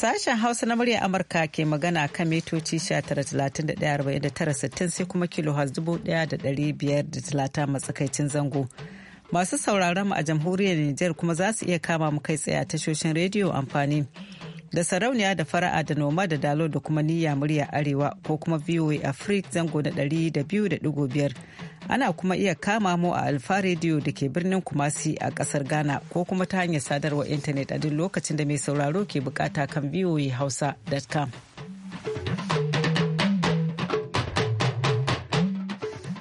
Sashen Hausa na murya Amurka ke magana kan mitoci 19,39,60 sai kuma da 1,530 matsakaicin zango. Masu sauraron mu a jamhuriyar Nijar kuma za su iya kama mu kai tsaye a tashoshin rediyo amfani. da sarauniya da fara'a da noma da dalo da kuma niyya murya arewa ko kuma voa afrik zango na biyar ana kuma iya kama mu a alfa rediyo da ke birnin kumasi a kasar ghana ko kuma ta hanyar sadarwar intanet a duk lokacin da mai sauraro ke bukata kan voa hausa.com.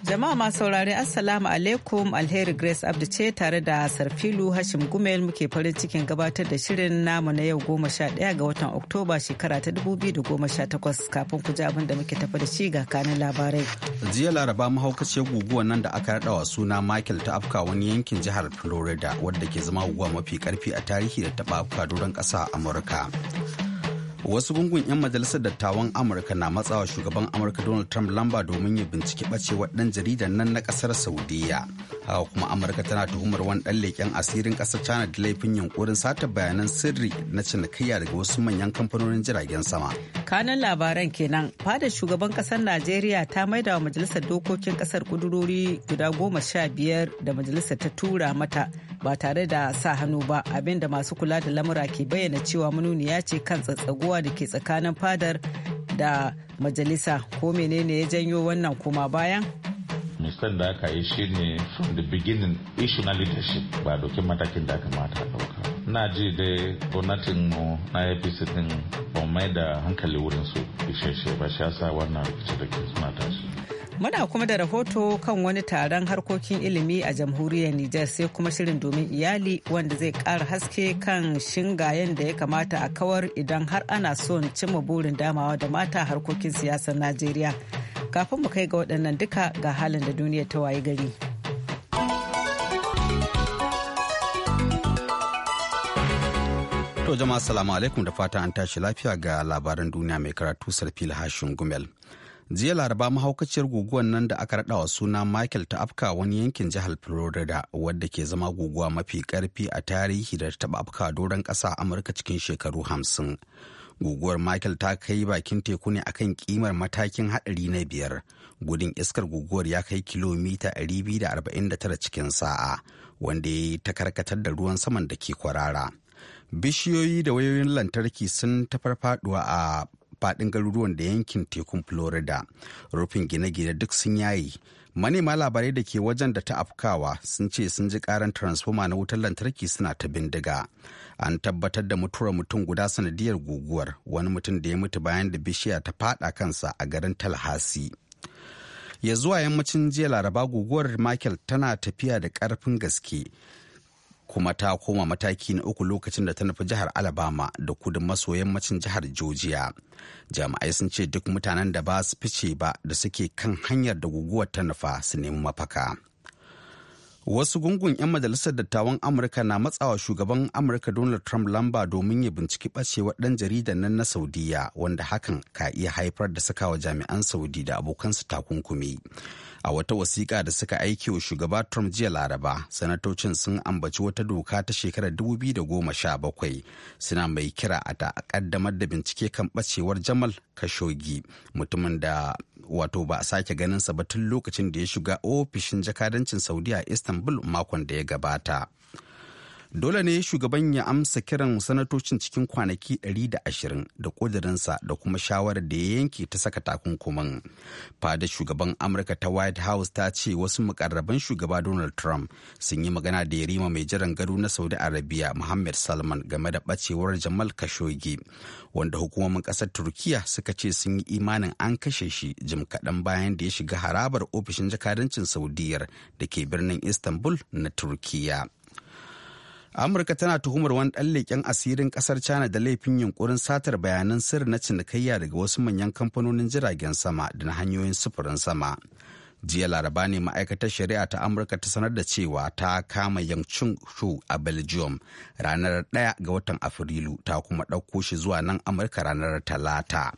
Jama'a masu saurare Assalamu alaikum Alheri Grace Abdu ce tare da Sarfilu Hashim Gumel muke farin cikin gabatar da shirin namu na yau goma sha ɗaya ga watan Oktoba shekara ta dubu biyu da goma sha takwas kafin ku ji abin da muke tafa da shi ga kanin labarai. Jiya Laraba mahaukaciyar guguwar nan da aka raɗa wa suna Michael ta afka wani yankin jihar Florida wadda ke zama guguwa mafi karfi a tarihi da taɓa afka doron ƙasa Amurka. wasu gungun 'yan majalisar dattawan amurka na matsawa shugaban amurka donald trump lamba domin ya binciki ɓacewar ɗan jaridan nan na ƙasar saudiya haka kuma amurka tana tuhumar wani dan leƙen asirin ƙasar china da laifin yunkurin sata bayanan sirri na cinikayya daga wasu manyan kamfanonin jiragen sama kanan labaran kenan fadar shugaban ƙasar najeriya ta maida wa majalisar dokokin ƙasar kudurori guda goma sha biyar da majalisar ta tura mata ba tare da sa hannu ba abinda masu kula da lamura ke bayyana cewa manuniya ce kan tsatsaguwa da ke tsakanin fadar da majalisa ko menene ya janyo wannan kuma bayan mistan da aka yi shine from the beginning issue na leadership ba dokin matakin da aka mata dauka na ji dai gwamnatin mu na apc din ba mai da hankali wurin su isheshe ba shi yasa wannan rikici da ke suna tashi Muna kuma da rahoto kan wani taron harkokin ilimi a jamhuriyar Nijar sai kuma shirin domin iyali wanda zai kara haske kan shingayen da ya kamata a kawar idan har ana son cimma burin damawa da mata harkokin siyasar Najeriya. kafin mu kai ga waɗannan duka ga halin da duniya ta waye gari. To jama'a salamu alaikum da fata an tashi lafiya ga labaran duniya mai karatu sarfil hashin gumel. Jiya laraba mahaukaciyar guguwar nan da aka raɗawa suna Michael ta afka wani yankin jihar Florida wadda ke zama guguwa mafi karfi a tarihi da ta taɓa afka doron ƙasa Amurka cikin shekaru hamsin. guguwar michael ta kai bakin teku ne akan kimar matakin haɗari na biyar gudun iskar guguwar ya kai kilomita 249 cikin sa'a wanda ya yi ta karkatar da ruwan saman da ke kwarara bishiyoyi da wayoyin lantarki sun ta farfaduwa a faɗin garuruwan da yankin tekun florida rufin gine-gine duk sun yayi manema labarai da ke wajen da ta afkawa sun ce sun ji karan transfoma na wutar lantarki suna ta bindiga an tabbatar da mutuwar mutum guda sanadiyar guguwar wani mutum da ya mutu bayan da bishiya ta fada kansa a garin talhasi ya zuwa yammacin jiya laraba guguwar michael tana tafiya da karfin gaske kuma ta koma mataki na uku lokacin da ta nufi jihar alabama da kudu maso yammacin jihar georgia jami'ai sun ce duk mutanen da ba su fice ba da suke kan hanyar da guguwar ta nufa su nemi mafaka wasu gungun 'yan majalisar dattawan amurka na matsawa shugaban amurka donald trump lamba domin ya binciki ɓacewar ɗan jaridan nan na saudiya wanda hakan ka iya haifar da sakawa jami'an saudi da abokansu takunkumi a wata wasiƙa da suka aiki wa shugaba trump jiya laraba sanatocin sun ambaci wata doka ta shekarar 2017 suna mai kira a ta kaddamar da bincike kan bacewar jamal kashogi mutumin da wato ba a sake ganinsa ba tun lokacin da ya shiga ofishin jakadancin saudiya istanbul makon da ya gabata dole ne shugaban ya amsa kiran sanatocin cikin kwanaki 120 da ƙudurinsa da kuma shawarar da ya yanke ta saka takunkuman fada shugaban Amurka ta White House ta ce wasu mukarraban shugaba Donald Trump sun yi magana da yarima mai jiran gado na Saudi Arabia Mohammed Salman game da ɓacewar Jamal Khashoggi, wanda hukumomin ƙasar Turkiya suka ce sun yi imanin an kashe shi jim kaɗan bayan da ya shiga harabar ofishin jakadancin Saudiyar da ke birnin Istanbul na Turkiya. amurka tana tuhumar wani ɗan leƙen asirin ƙasar china da laifin yunkurin satar bayanan sirri na cinikayya daga wasu manyan kamfanonin jiragen sama da na hanyoyin sufurin sama jiya laraba ne ma'aikatar shari'a ta amurka ta sanar da cewa ta kama yancin shu a belgium ranar 1 ga watan afrilu ta kuma ɗauko shi zuwa nan amurka ranar talata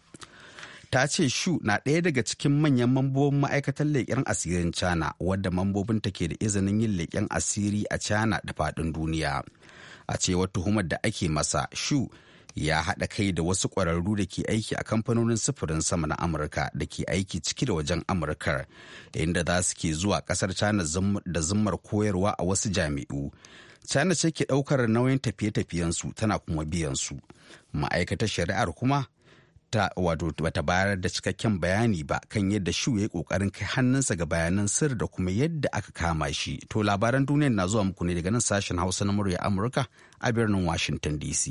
ta ce shu na ɗaya daga cikin manyan mambobin ma'aikatar leƙen asirin china wadda mambobinta ke da izinin yin leƙen asiri a china da faɗin duniya a cewar tuhumar da ake masa shu ya haɗa kai da wasu ƙwararru da ke aiki a kamfanonin sufurin sama na amurka da ke aiki ciki da wajen amurkar inda za su ke zuwa ƙasar china da zummar koyarwa a wasu jami'u china ce ke ɗaukar nauyin tafiye-tafiyensu tana kuma biyan su ma'aikatar shari'ar kuma ta wato bata bayar da cikakken bayani ba kan yadda shu ya yi kokarin kai hannunsa ga bayanan sir da kuma yadda aka kama shi to labaran duniyar na zuwa muku ne daga nan sashen hausa na murya amurka a birnin washington dc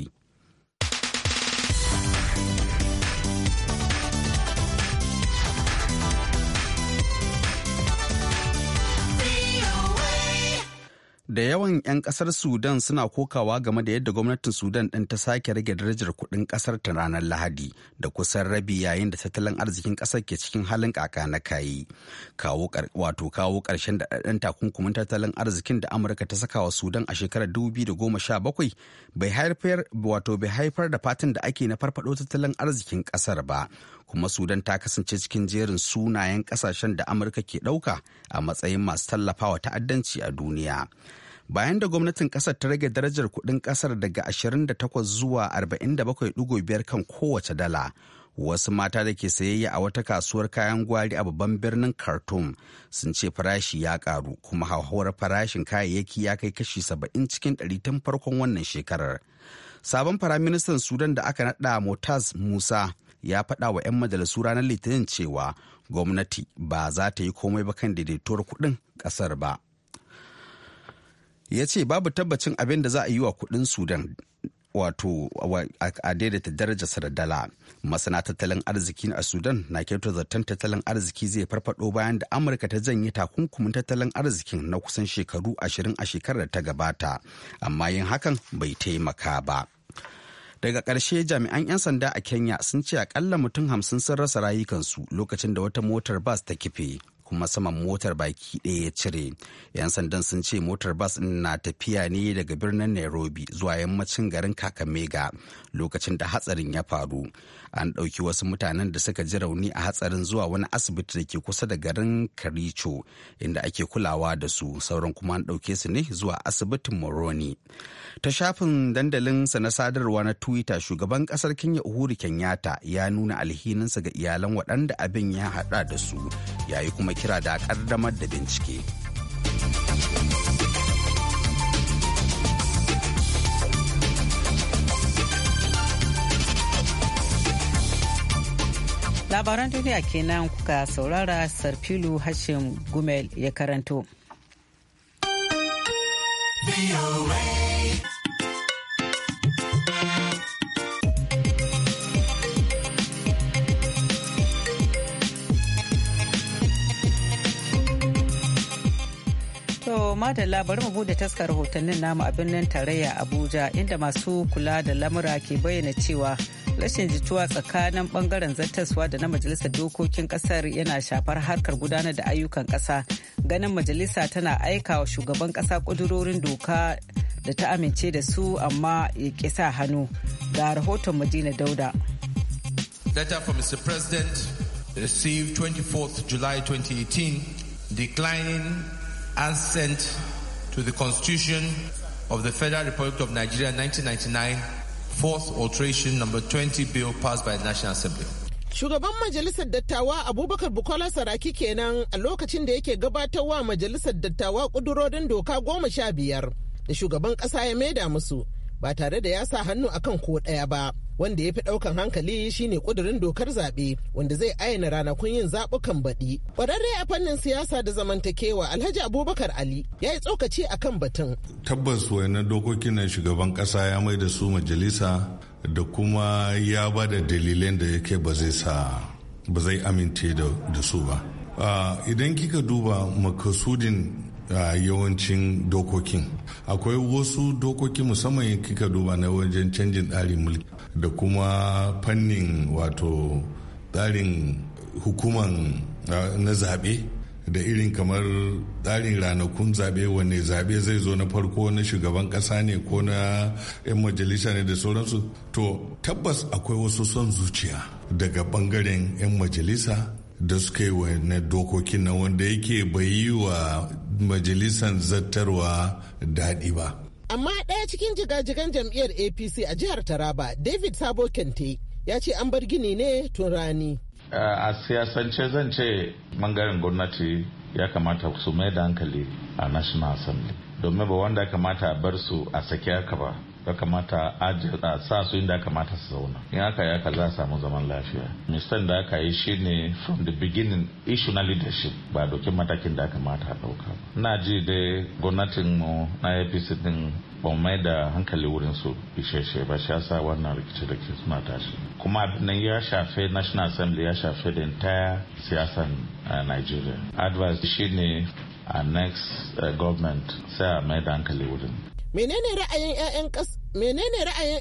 da yawan 'yan kasar Sudan suna kokawa game da yadda gwamnatin Sudan ɗin ta sake rage darajar kuɗin kasar ta ranar Lahadi da kusan rabi yayin da tattalin arzikin kasar ke cikin halin kaka na kayi. Kawo wato kawo ƙarshen da ɗan takunkumin tattalin arzikin da Amurka ta saka wa Sudan a shekarar 2017 bai haifar wato bai haifar da fatin da ake na farfaɗo tattalin arzikin kasar ba. Kuma Sudan ta kasance cikin jerin sunayen ƙasashen da Amurka ke ɗauka a matsayin masu tallafawa ta'addanci a duniya. bayan da gwamnatin kasar ta rage darajar kuɗin kasar daga 28 zuwa 47.5 kan kowace dala wasu mata da ke sayayya a wata kasuwar kayan gwari a babban birnin khartoum sun ce farashi ya karu kuma hauhawar farashin kayayyaki ya kai kashi 70 cikin 100 tun farkon wannan shekarar sabon firaministan sudan da aka naɗa motas musa ya faɗa wa 'yan majalisu ranar litinin cewa gwamnati ba za ta yi komai ba kan daidaituwar kuɗin ƙasar ba. ya ce babu tabbacin abin da za a yi wa kuɗin sudan wato a daidaita daraja da dala masana tattalin arziki a sudan na kyautar zaton tattalin arziki zai farfado bayan da amurka ta janye takunkumin tattalin arzikin na kusan shekaru ashirin a shekarar da ta gabata amma yin hakan bai taimaka ba daga ƙarshe jami'an 'yan sanda a kenya sun ce akalla mutum hamsin sun rasa rayukansu lokacin da wata motar bas ta kife kuma saman motar baki ɗaya ya cire. 'Yan sandan sun ce motar bas na tafiya ne daga birnin Nairobi zuwa yammacin garin Kakamega lokacin da hatsarin ya faru. an ɗauki wasu mutanen da suka ji rauni a hatsarin zuwa wani asibiti da ke kusa da garin karicho inda ake kulawa da su sauran kuma an ɗauke su ne zuwa asibitin moroni ta shafin dandalin sa na sadarwa na twitter shugaban ƙasar kenya uhuru kenyatta ya nuna alhininsa ga iyalan waɗanda abin ya haɗa da su yayi kuma kira da ƙaddamar da bincike. labaran duniya kenan kuka saurara sarfilu hashim gumel ya karanto To da bari mu bude taskar rahotannin namu a birnin tarayya Abuja inda masu kula da lamura ke bayyana cewa rashin jituwa tsakanin bangaren zattaswa da na majalisar dokokin kasar yana shafar harkar gudanar da ayyukan kasa ganin majalisa tana aika wa shugaban kasa kudurorin doka da ta amince da su amma ya kisa hannu ga rahoton madina dauda letter from mr president received 24th july 2018 declining and sent to the constitution of the federal republic of nigeria 1999 fourth alteration number 20 bill passed by the National Assembly. Shugaban Majalisar Dattawa Abubakar Bukola Saraki kenan a lokacin da yake gabatarwa Majalisar Dattawa kudurorin doka goma sha biyar da shugaban ƙasa ya maida musu. ba tare da ya sa hannu akan ko ɗaya ba wanda ya fi ɗaukan hankali shine ƙudurin dokar zaɓe wanda zai ayyana ranakun yin zaɓukan baɗi ƙwararre a fannin siyasa da zamantakewa alhaji abubakar ali ya yi tsokaci akan batun tabbas wayannan dokokin na shugaban ƙasa ya mai da su majalisa da kuma ya ba da dalilan da yake ba zai sa ba zai amince da su ba ah, idan kika duba makasudin a yawancin dokokin akwai wasu dokokin musamman kika duba na wajen canjin tsarin mulki da kuma fannin wato tsarin hukuman na zaɓe da irin kamar tsarin ranakun zaɓe wanne zaɓe zai zo na farko na shugaban ƙasa ne ko na 'yan majalisa ne da sauransu to tabbas akwai wasu son zuciya daga ɓangaren 'yan majalisa da suka yi na dokokin na wanda yake bai yi wa majalisar zattarwa daɗi ba. Amma ɗaya cikin jigajigan jam'iyyar APC a jihar Taraba, David Sabo Kente, ya ce an bar gini ne tun rani. A siyasance zan ce bangaren gwamnati ya kamata su mai da hankali a National Assembly. Domin ba wanda ya kamata a bar su a sake haka ba. ya kamata a sa su inda ya kamata su zauna in aka yi aka za a samu zaman lafiya mistan da aka yi shine from the beginning issue na leadership ba dokin matakin da ya kamata a dauka na ji da gwamnatin mu na apc din ban mai da hankali wurin su isheshe ba shi yasa wannan rikici da ke suna tashi kuma nan ya shafe national assembly ya shafe da entire siyasan nigeria advice shine a next eh, government sai a mai da hankali wurin menene ra'ayin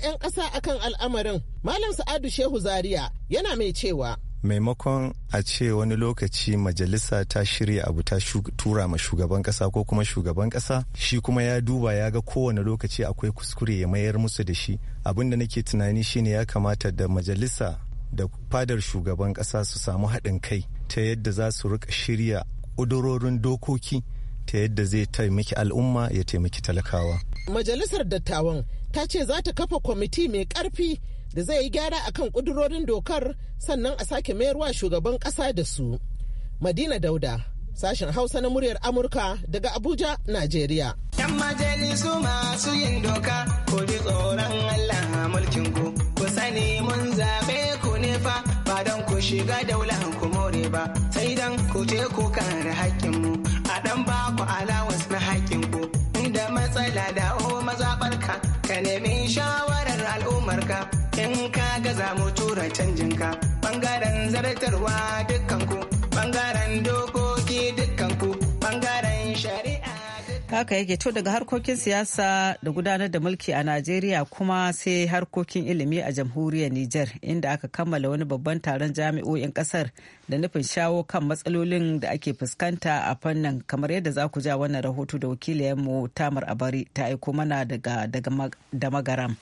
'yan ƙasa akan al'amarin malam sa'adu shehu zaria yana mai cewa maimakon a ce wani lokaci majalisa ta shirya abu ta tura ma shugaban kasa ko kuma shugaban kasa shi kuma ya duba ya ga kowane lokaci akwai kuskure ya mayar musu da shi da nake tunani shine ya kamata da majalisa da fadar shugaban kasa su samu haɗin kai ta yadda za su rika shirya ƙudurorin dokoki ta yadda zai taimaki al'umma ya taimaki talakawa. Majalisar dattawan ta ce za ta kafa kwamiti mai karfi da zai yi gyara a kan ƙudurorin dokar sannan a sake mayarwa shugaban ƙasa da su. Madina Dauda, sashen Hausa na muryar Amurka daga Abuja, Najeriya. Yan majalisu masu yin doka, ku ji tsoron Allah mulkin ku, ku sani mun zaɓe ku ne fa, ba don ku shiga daular ku more ba, sai dan ku je ku kare hakkinmu. an ba ku alawas na hakkin ku inda matsala da o mazaɓarka ka nemi shawarar al'ummarka in ka ga zamu tura canjin ka bangaren zartarwa dukkan ku bangaren doka kaka yake to daga harkokin siyasa da gudanar da mulki a Najeriya kuma sai harkokin ilimi a jamhuriyar Nijar inda aka kammala wani babban taron jami'o'in kasar da nufin shawo kan matsalolin da ake fuskanta a fannin kamar yadda za ku ja wannan rahoto da wakiliyarmu Tamar Abari ta aiko mana daga da magaram.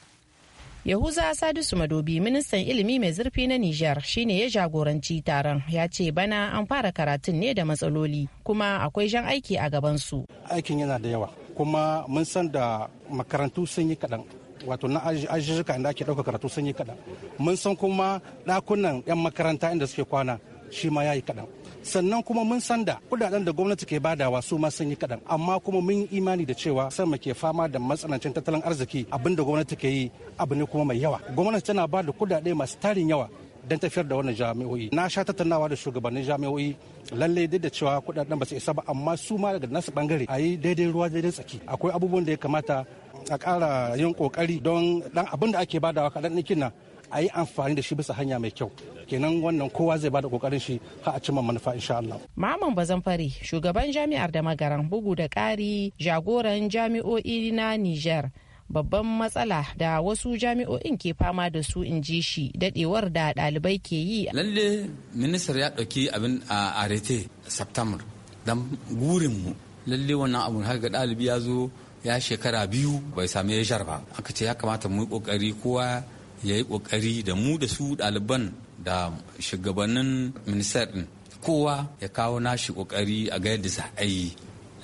Yahuza Sadisu Madobi ministan ilimi mai zurfi na Nijar shine ya jagoranci taron ya ce bana an fara karatun ne da matsaloli kuma akwai jan aiki a gabansu. Aikin yana da yawa kuma mun san da makarantu sun yi kaɗan wato na ajiyarka inda ake ɗauka karatu sun yi kaɗan mun san kuma ɗakunan 'yan makaranta inda suke kwana shi ma ya yi kaɗan sannan kuma mun san da kudaden da gwamnati ke badawa su ma sun yi kadan amma kuma mun yi imani da cewa sama ke fama da matsanancin tattalin arziki abin da gwamnati ke yi abu ne kuma mai yawa gwamnati tana ba da kudade masu tarin yawa don tafiyar da wannan jami'o'i na sha tattaunawa da shugabannin jami'o'i lalle duk da cewa kudaden ba su isa ba amma su ma daga nasu bangare a yi daidai ruwa daidai tsaki akwai abubuwan da ya kamata a ƙara yin kokari don dan abin da ake badawa kaɗan nan a yi amfani da shi bisa hanya mai kyau kenan wannan kowa zai bada kokarin shi har a cimma manufa insha Allah Maman fari shugaban jami'ar da magaran bugu da ƙari jagoran jami'o'i na Niger babban matsala da wasu jami'o'in ke fama da su in ji shi dadewar da ɗalibai ke yi lalle ministar ya ɗauki abin a arete september don gurinmu lalle wannan abun har ga ɗalibi ya zo ya shekara biyu bai sami ya ba aka ce ya kamata mu yi kokari kowa ya yi ƙoƙari da mu da su ɗaliban da shugabannin ministar ɗin kowa ya kawo nashi ƙoƙari a ga yadda za a yi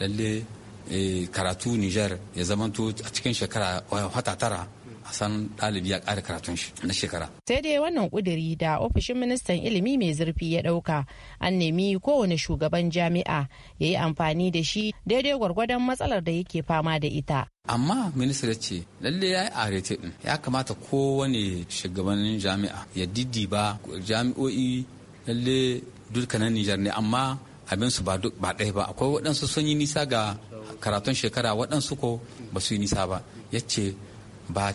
lalle eh, karatu nijar ya zamanto a cikin shekara wata tara san ɗalibi ya ƙara karatun shi na shekara. Sai dai wannan ƙuduri da ofishin ministan ilimi mai zurfi ya ɗauka an nemi kowane shugaban jami'a ya yi amfani da shi daidai gwargwadon matsalar da yake fama da ita. amma minista ya ce lalle ya yi arete din ya kamata kowane shugabannin jami'a ya ba jami'o'i lalle dukkanin nijar ne amma abin su ba ɗaya ba akwai waɗansu sun yi nisa ga karatun shekara waɗansu ko ba su yi nisa ba ya ce ba a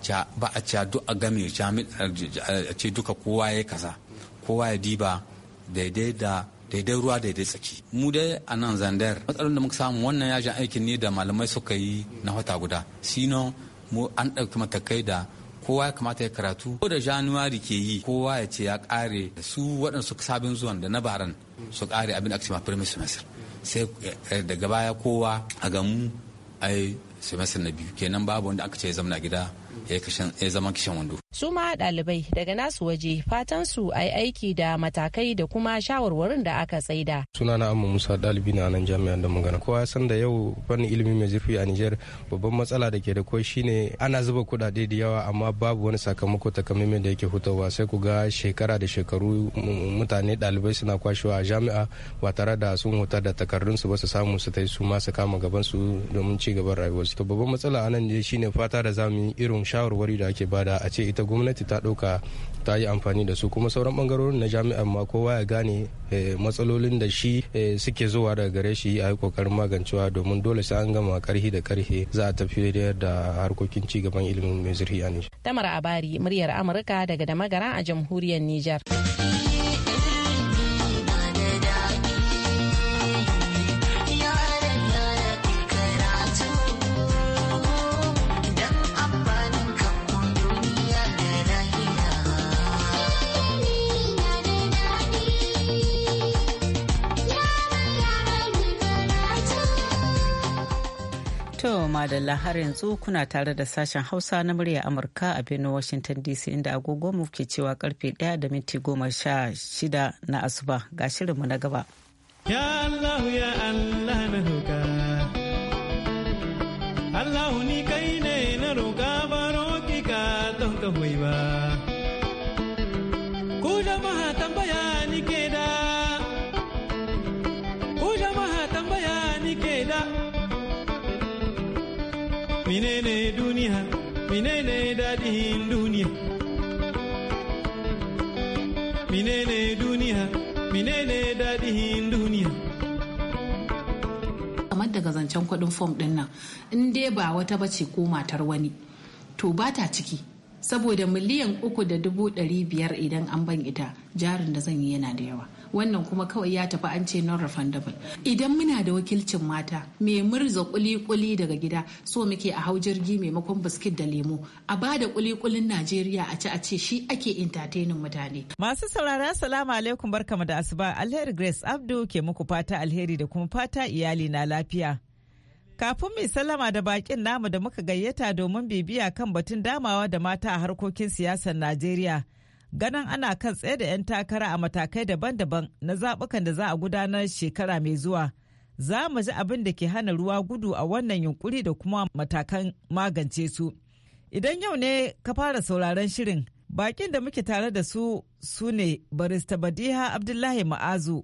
ca duk a game a ce duka kowa ya kasa kowa ya diba daidai daidai ruwa daidai tsaki mu dai a nan zandar matsalolin da muka samu wannan yajin aikin ne da malamai suka yi na wata guda sino mu an ɗauki matakai da kowa ya kamata ya karatu ko da januwari ke yi kowa ya ce ya kare su waɗansu sabin zuwan da na baran su kare abin da ma firmin semester sai eh, daga baya kowa a gamu ai semester na biyu kenan babu wanda aka ce ya zamana gida ya zama kishin wando. su ma ɗalibai daga nasu waje fatan su a yi aiki da matakai da kuma shawarwarin da aka tsaida. na amma musa ɗalibi na nan jami'an da magana kowa san da yau fannin ilimi mai zurfi a niger babban matsala da ke da kwai shine ana zuba kuɗaɗe da yawa amma babu wani sakamako takamaiman da yake hutawa sai ku ga shekara da shekaru mutane ɗalibai suna kwashewa a jami'a ba tare da sun huta da takardunsu ba su samu su ta su ma su kama gaban su domin ci gaban rayuwarsu to babban matsala anan ne shine fata da zamu yi irin shawarwari da ake bada a ce ita gwamnati ta ɗauka ta yi amfani da su kuma sauran bangarorin na jami'an ma kowa ya gane eh, matsalolin da shi eh, suke zuwa daga gare shi a yi kokarin magancewa domin dole sai an gama karhi da karhe za a tafi da harkokin ci gaban ilimin mai zurfi a Nijar. Tamar Abari muryar Amurka daga Damagara a jamhuriyar Nijar. To Madalla har yanzu kuna tare da sashen Hausa na murya Amurka a birnin Washington DC inda agogo mu ke cewa karfe 1 da minti goma sha shida na asuba ga shirinmu na gaba. Allah ya Allah na Allah ni ka daɗin duniya menene duniya menene daɗin duniya kamar daga zancen kuɗin fom ɗin nan in dai ba wata bace ko matar wani to ba ta ciki saboda miliyan uku da dubu ɗari biyar idan an ban ita jarin da zan yi yana da yawa wannan kuma kawai ya tafi an ce non refundable idan muna da wakilcin mata me murza kuli daga gida so muke a hau jirgi maimakon biskit da lemo a ba da kuli najeriya a ci a ce shi ake entertaining mutane masu saurara salamu alaikum barkamu da asuba alheri grace abdu ke muku fata alheri da kuma fata iyali na lafiya Kafin mai sallama da bakin namu da muka gayyata domin bibiya kan batun damawa da mata a harkokin siyasar Najeriya. Ganin ana kan tsaye da 'yan takara a matakai daban-daban na zaɓukan da za a gudanar shekara mai zuwa. Za mu ji abin da ke hana ruwa gudu a wannan yunkuri da kuma matakan magance su. Idan yau ne ka fara sauraron shirin, bakin da muke tare da su su ne barista Badiha Abdullahi Ma'azu.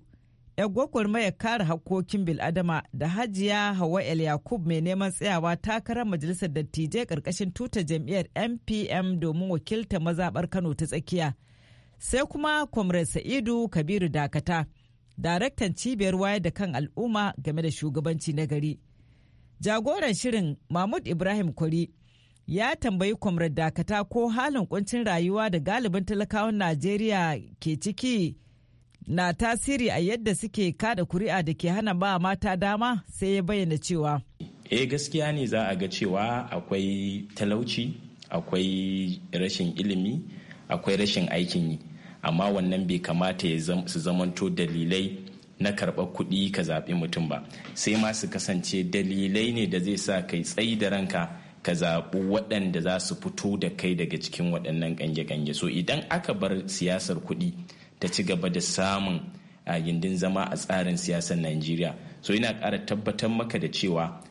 'yar ya kare hakkokin biladama da hajiya hawa el yakub mai neman tsayawa takarar majalisar dattijai karkashin tuta jam'iyyar mpm domin wakilta mazabar kano ta tsakiya sai kuma kwamrar sa'idu kabiru dakata daraktan cibiyar wayar da kan al'umma game da shugabanci na gari jagoran shirin mahmud ibrahim kwari ya tambayi kwamrar dakata ko halin kuncin rayuwa da galibin talakawan najeriya ke ciki na tasiri a yadda suke kada kuri'a da ke hana ba mata dama sai ya bayyana cewa. E gaskiya ne za a ga cewa akwai talauci, akwai rashin ilimi, akwai rashin aikin yi. Amma wannan bai kamata su zamanto dalilai na karɓar kuɗi ka zaɓi mutum ba. Sai ma su kasance dalilai ne da zai sa kai tsayi da ranka. ka zaɓi waɗanda za su fito da kai daga cikin waɗannan gange-gange so idan aka bar siyasar kuɗi ta ci gaba da samun a gindin zama a tsarin siyasar najeriya so ina ƙara tabbatar maka da cewa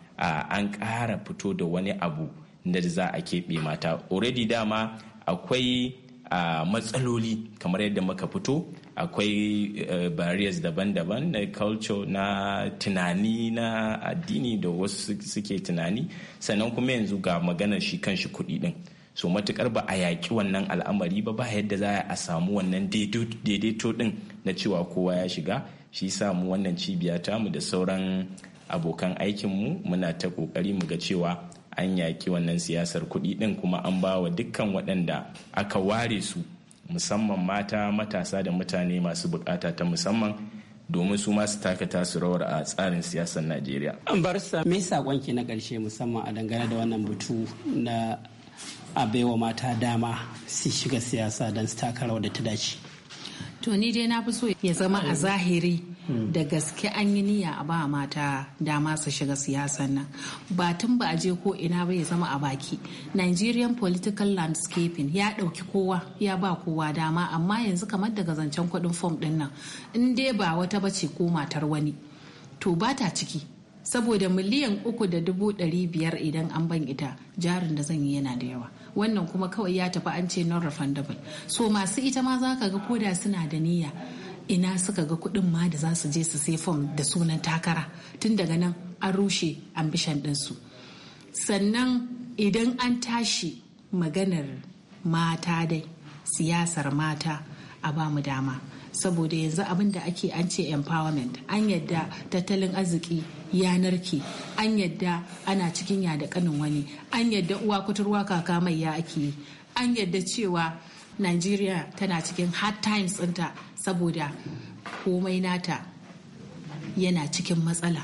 an ƙara fito da wani abu da za a keɓe mata already dama akwai a matsaloli kamar yadda muka fito akwai e, barriers daban-daban na culture na tunani na addini da wasu suke tunani sannan kuma yanzu ga maganar shi kan shi kuɗi din so matukar ba a yaƙi wannan al'amari ba ba yadda za a samu wannan daidaito din na cewa kowa ya shiga shi samu wannan cibiya mu da sauran abokan aikinmu muna ta kokari mu ga cewa an yaƙi wannan siyasar kuɗi din kuma an ba wa dukkan waɗanda aka ware su musamman mata matasa da mutane masu bukata ta musamman domin su masu taka su rawar a tsarin siyasar najeriya an bar sa me sakonki na ƙarshe musamman a dangane da wannan batu na a baiwa mata dama su shiga siyasa don su taka rawar da ta dace to ni dai na fi so ya zama a zahiri hmm. da gaske an yi niyya a ba mata dama su shiga siyasan nan ba tun ba a je ko ina ba ya zama a baki nigerian political landscaping ya ɗauki kowa ya ba kowa dama amma yanzu kamar daga zancen kuɗin fom ɗin nan in dai ba wata bace ko matar wani to ba ta ciki saboda miliyan uku da dubu ɗari biyar idan an ban ita jarin da zan yi yana da yawa wannan kuma kawai ya tafi an ce non refundable so masu ita ma za ka ga koda suna da niyya ina suka ga kuɗin ma da za su je su sai fom da sunan takara tun daga nan an rushe ambishan ɗinsu sannan idan an tashi maganar mata dai siyasar mata a ba mu dama saboda yanzu abin da ake an ce empowerment an yadda tattalin arziki yanar narke an yadda ana cikin ya da kanin wani an yadda uwa kuturwa kaka mai ya ake yi an yadda cewa nigeria tana cikin hard times ɗinta saboda komai nata yana cikin matsala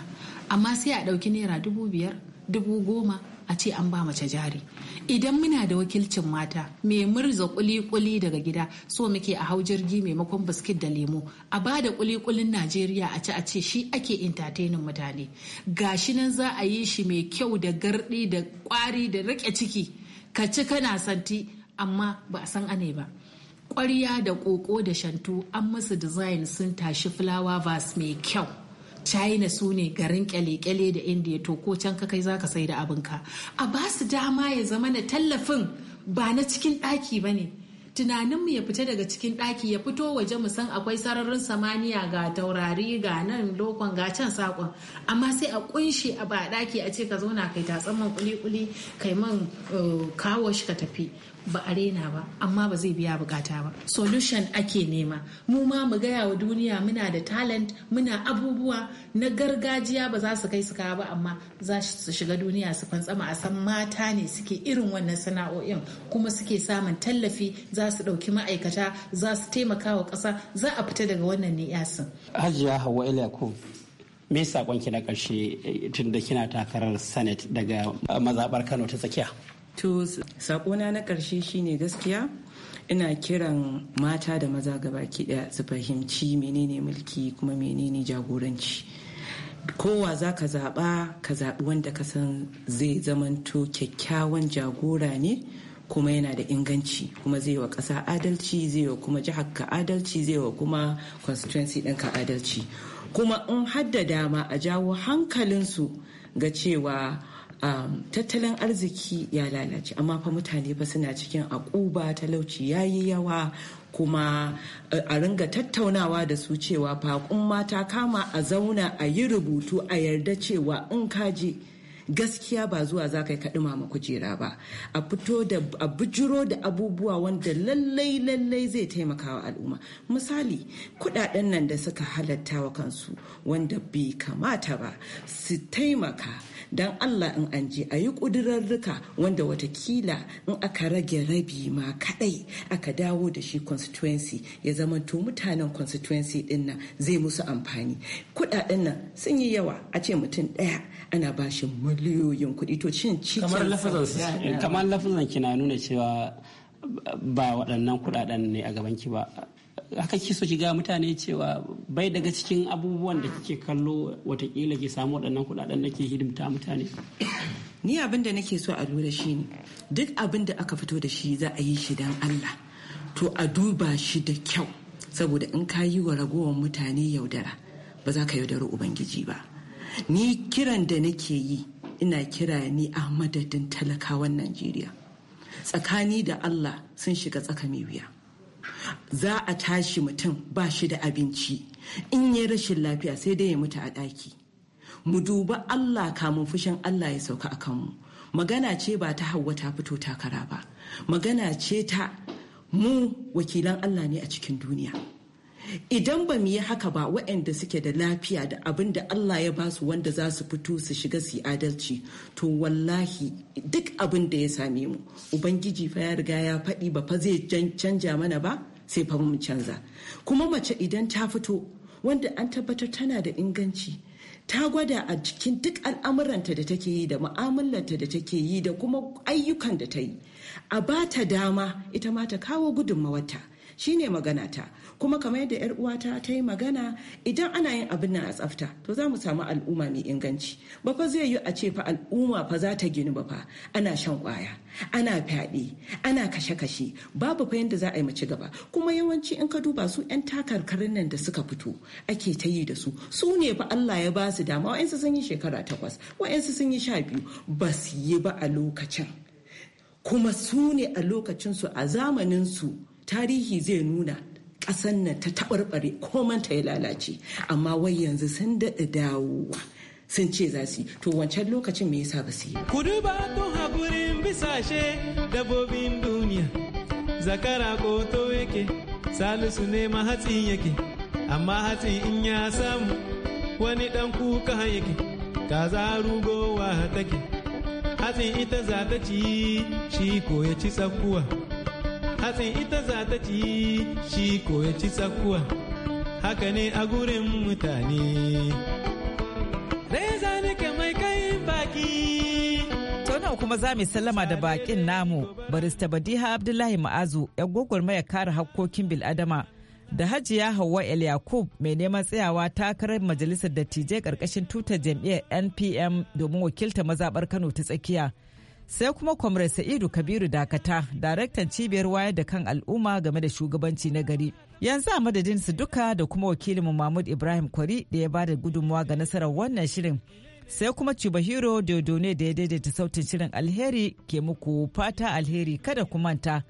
amma sai a ɗauki naira dubu biyar dubu goma a ce an ba mace jari idan muna da wakilcin mata mai murza kuli-kuli daga gida so muke a hau jirgi maimakon biskit da lemo a ba da kuli-kulin najeriya a ci a ce shi ake intatenin mutane gashi nan za a yi shi mai kyau da garɗi da kwari da rike ciki ka ci kana santi amma ba a san ane ba ƙwarya da ƙoƙo da shantu an musu design sun tashi fulawa vas mai kyau china su ne garin kyale-kyale da india to ko can ka kai zaka sai da ka a ba su dama ya zama na tallafin ba na cikin ɗaki ba ne tunaninmu ya fita daga cikin ɗaki ya fito waje mu san akwai sararin samaniya ga taurari ga nan lokon ga can sakon amma sai a kunshi a ba ɗaki a ce ka zauna kai tatsan man kuli-kuli kai man eh, kawo shi ka tafi ba a rena ba amma ba zai biya bukata ba solution ake nema mu ma mu gaya wa duniya muna da talent muna abubuwa na gargajiya ba za su kai su kawo ba amma za su shiga duniya su fantsama a san mata ne suke irin wannan sana'o'in kuma suke samun tallafi za su ɗauki ma'aikata za su taimaka wa ƙasa za a fita daga wannan ne yasin hajiya hawa ilyaku me saƙonki na ƙarshe eh, tunda kina takarar senate daga eh, mazaɓar kano ta tsakiya To sakona na ƙarshe shine gaskiya ina kiran mata da maza gabaki ɗaya su fahimci menene mulki kuma menene jagoranci. kowa za ka zaɓa ka zaɓi wanda ka san zai zamanto kyakkyawan jagora ne kuma yana da inganci kuma zai wa ƙasa adalci zai wa kuma jihar ka adalci zai wa kuma constituency ɗinka adalci kuma in hadda dama a jawo hankalinsu ga cewa Um, tattalin arziki ya lalace amma fa mutane ba suna cikin akuba talauci ya yi yawa kuma eh, a ringa tattaunawa da su cewa faƙun mata kama a zauna a yi rubutu a yarda cewa in kaji gaskiya ba zuwa za ka yi kaɗi mama kujera ba a fito da a bijiro da abubuwa wanda lallai lallai zai taimaka wa al'umma misali kuɗaɗen nan da suka halatta wa kansu wanda bai kamata ba su taimaka don allah in an je a yi ƙudurarruka wanda watakila in aka rage rabi ma kaɗai aka dawo da shi constituency ya zama to mutanen constituency din zai musu amfani Kuɗaɗen nan sun yi yawa a ce mutum ɗaya ana ba shi miliyoyin kuɗi to cin cikin kamar lafazan kina nuna cewa ba waɗannan kuɗaɗen ne a gabanki ba haka ki so ki ga mutane cewa bai daga cikin abubuwan da kike kallo watakila ke samu waɗannan kuɗaɗen da ke hidimta mutane ni abin da nake so a lura shi ne duk abin da aka fito da shi za a yi shi don allah to a duba shi da kyau saboda in ka yi wa ragowar mutane yaudara ba za ka yaudari ubangiji ba ni kiran da nake yi ina kira ni a madadin talakawan najeriya tsakani da allah sun shiga tsaka mai wuya za a tashi mutum ba shi da abinci in yi rashin lafiya sai dai ya mutu a ɗaki mu duba allah kamun fushin allah ya sauka a kanmu magana ce ba ta hawa ta fito takara ba magana ce ta mu wakilan allah ne a cikin duniya idan ba mu yi haka ba waɗanda suke da lafiya da abin da Allah ya basu wanda za su fito su shiga su adalci to wallahi duk abin da ya same mu ubangiji fa ya riga ya faɗi ba fa zai canja mana ba sai fa mu canza kuma mace idan ta fito wanda an tabbatar tana da inganci ta gwada a cikin duk al'amuranta da take yi da mu'amalarta da take yi da kuma ayyukan da ta yi a ba ta dama ita ma ta kawo gudunmawarta shine magana ta kuma kamar yadda yar uwata ta yi magana idan ana yin abin nan a tsafta to za mu samu al'umma mai inganci ba fa zai yi a ce fa al'umma fa za ta ginu ba fa ana shan kwaya ana fyaɗe ana kashe-kashe babu fa yadda za a yi mu ci gaba kuma yawanci in ka duba su 'yan takarkarin nan da suka fito ake ta yi da su su ne fa Allah ya ba su dama wa'yansu sun yi shekara takwas wa'yansu sun yi sha biyu ba su yi ba a lokacin kuma su ne a lokacinsu a zamaninsu tarihi zai nuna ƙasan nan ta taɓarɓare koman ta ya lalace amma wai yanzu sun daɗa dawowa sun ce za su to wancan lokacin me yasa ba su yi ku ba to haƙurin bisashe dabobin duniya zakara ko to yake salisu ne ma hatsi yake amma hatsi in ya samu wani ɗan kuka yake kaza rugowa take hatsi ita za ta ci shi ko ya ci tsakuwa hatsin ita za ta ci shi ko ya ci tsakuwa haka ne a gurin mutane reza ke mai kai baki nan kuma za mu sallama da bakin namu barista badiha abdullahi ma'azu yan gwagwarmaya kare hakkokin bil'adama da hajiya hawa el yakub mai neman tsayawa takarar majalisar dattijai karkashin tutar jam'iyyar npm domin wakilta mazabar kano ta tsakiya sai kuma comrade sa'idu kabiru dakata daraktan cibiyar wayar da kan al'umma game da shugabanci na gari yanzu a madadin su duka da kuma wakilinmu mahmud ibrahim kwari da ya bada gudunmawa ga nasarar wannan shirin sai kuma Chubahiro Dodone da ya daidaita sautin shirin alheri ke muku fata alheri kada ku manta.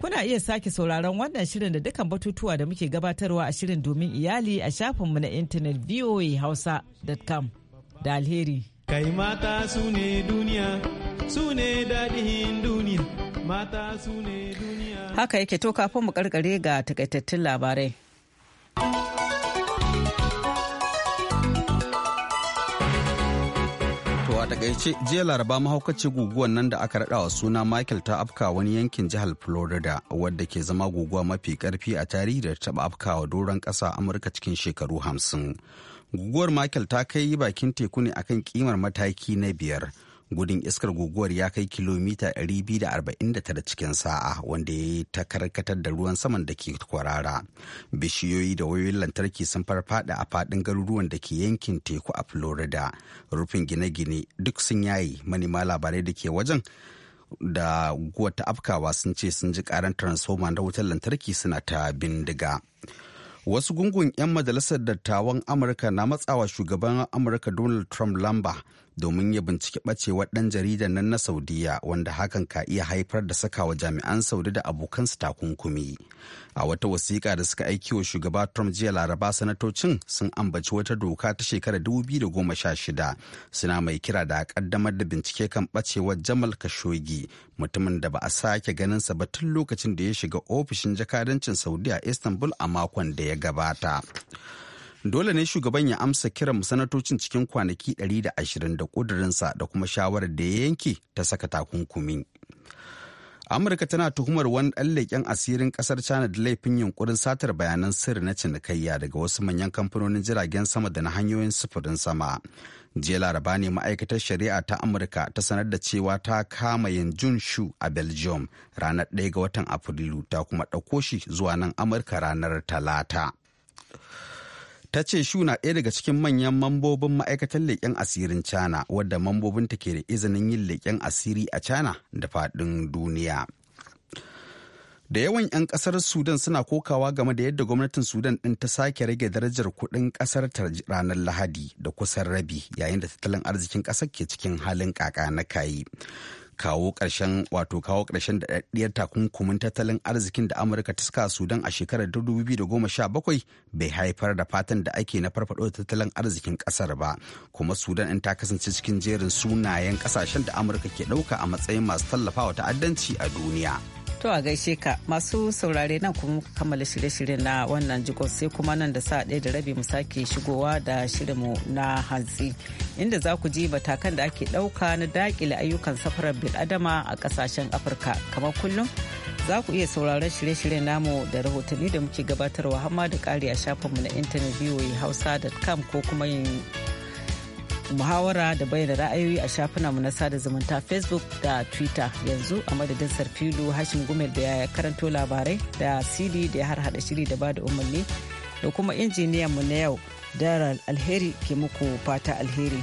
Kuna iya sake sauraron wannan shirin da dukkan batutuwa da muke gabatarwa a shirin domin iyali a shafinmu na intanet voahausa.com da alheri. Kai mata su ne duniya su ne daɗin duniya mata su ne duniya haka yake to kafin mu karkare ga takaitattun labarai To a takaice jiya laraba mahaukacin guguwar nan da aka raɗa wa suna Michael ta afka wani yankin jihar Florida wadda ke zama guguwa mafi karfi a tarihi da taɓa afkawa doron ƙasa Amurka cikin shekaru hamsin. Guguwar Michael ta kai bakin teku ne akan kimar mataki na biyar gudun iskar guguwar ya kai kilomita 249 cikin sa'a wanda ya yi ta karkatar da ruwan saman da ke kwarara bishiyoyi da wayoyin lantarki sun farfada a fadin garuruwan da ke yankin teku a florida rufin gine-gine duk sun yayi manema labarai da ke wajen da guguwar ta afkawa sun ce sun ji karan transforma na wutar lantarki suna ta bindiga wasu gungun 'yan majalisar dattawan amurka na matsawa shugaban amurka donald trump lamba domin ya binciki ɓacewar ɗan jaridan nan na saudiya wanda hakan ka iya haifar da sakawa jami'an saudi da abokansu takunkumi a wata wasiƙa da suka aiki wa shugaba trump jiya laraba sanatocin sun ambaci wata doka ta shekarar 2016 suna mai kira da kaddamar da bincike kan ɓacewar jamal kashogi mutumin da ba a sake sa ba tun lokacin da ya shiga ofishin jakadancin saudi a istanbul a makon da ya gabata. dole ne shugaban ya amsa kiran sanatocin cikin kwanaki 120 da kudurinsa da kuma shawarar da ya yanke ta saka takunkumi. amurka tana tuhumar wani ɗan leƙen asirin ƙasar china da laifin yunkurin satar bayanan sirri na cinikayya daga wasu manyan kamfanonin jiragen sama da na hanyoyin sufurin sama jiya laraba ne ma'aikatar shari'a ta amurka ta sanar da cewa ta kama yanjun shu a belgium ranar 1 ga watan afrilu ta kuma ɗauko shi zuwa nan amurka ranar talata ta ce shu na ɗaya daga cikin manyan mambobin ma'aikatar leƙen asirin china wadda mambobinta ke da izinin yin leƙen asiri a china da faɗin duniya da yawan 'yan ƙasar sudan suna kokawa game da yadda gwamnatin sudan ɗin ta sake rage darajar kuɗin ƙasar ta ranar lahadi da kusan rabi yayin da tattalin arzikin ƙasar ke cikin halin kaka na kayi kawo ƙarshen wato kawo ƙarshen daɗaɗɗiyar takunkumin tattalin arzikin da amurka ta saka sudan a shekarar 2017 bai haifar da fatan da ake na farfaɗo da tattalin arzikin ƙasar ba kuma sudan in ta kasance cikin jerin sunayen ƙasashen da amurka ke ɗauka a matsayin masu tallafawa ta'addanci a duniya To a gaishe ka masu saurare nan kuma kammala shirye-shirye na wannan jiko sai kuma nan da sa ɗaya da rabi mu sake shigowa da shirinmu na hantsi inda za ku ji matakan da ake ɗauka na daƙile ayyukan safarar bil'adama a ƙasashen Afirka kamar kullum. Za ku iya sauraron shirye-shiryen namu da rahotanni da muke gabatarwa hamma da ƙari a shafinmu na intanet voahausa.com ko kuma yin muhawara da bayyana ra'ayoyi a mu na sada zumunta facebook da twitter yanzu a madadin sarfilu hashin gumel da ya karanto labarai da cd da ya har hada shiri da bada umarni da kuma injiniyan mu na yau daral alheri ke muku fata alheri.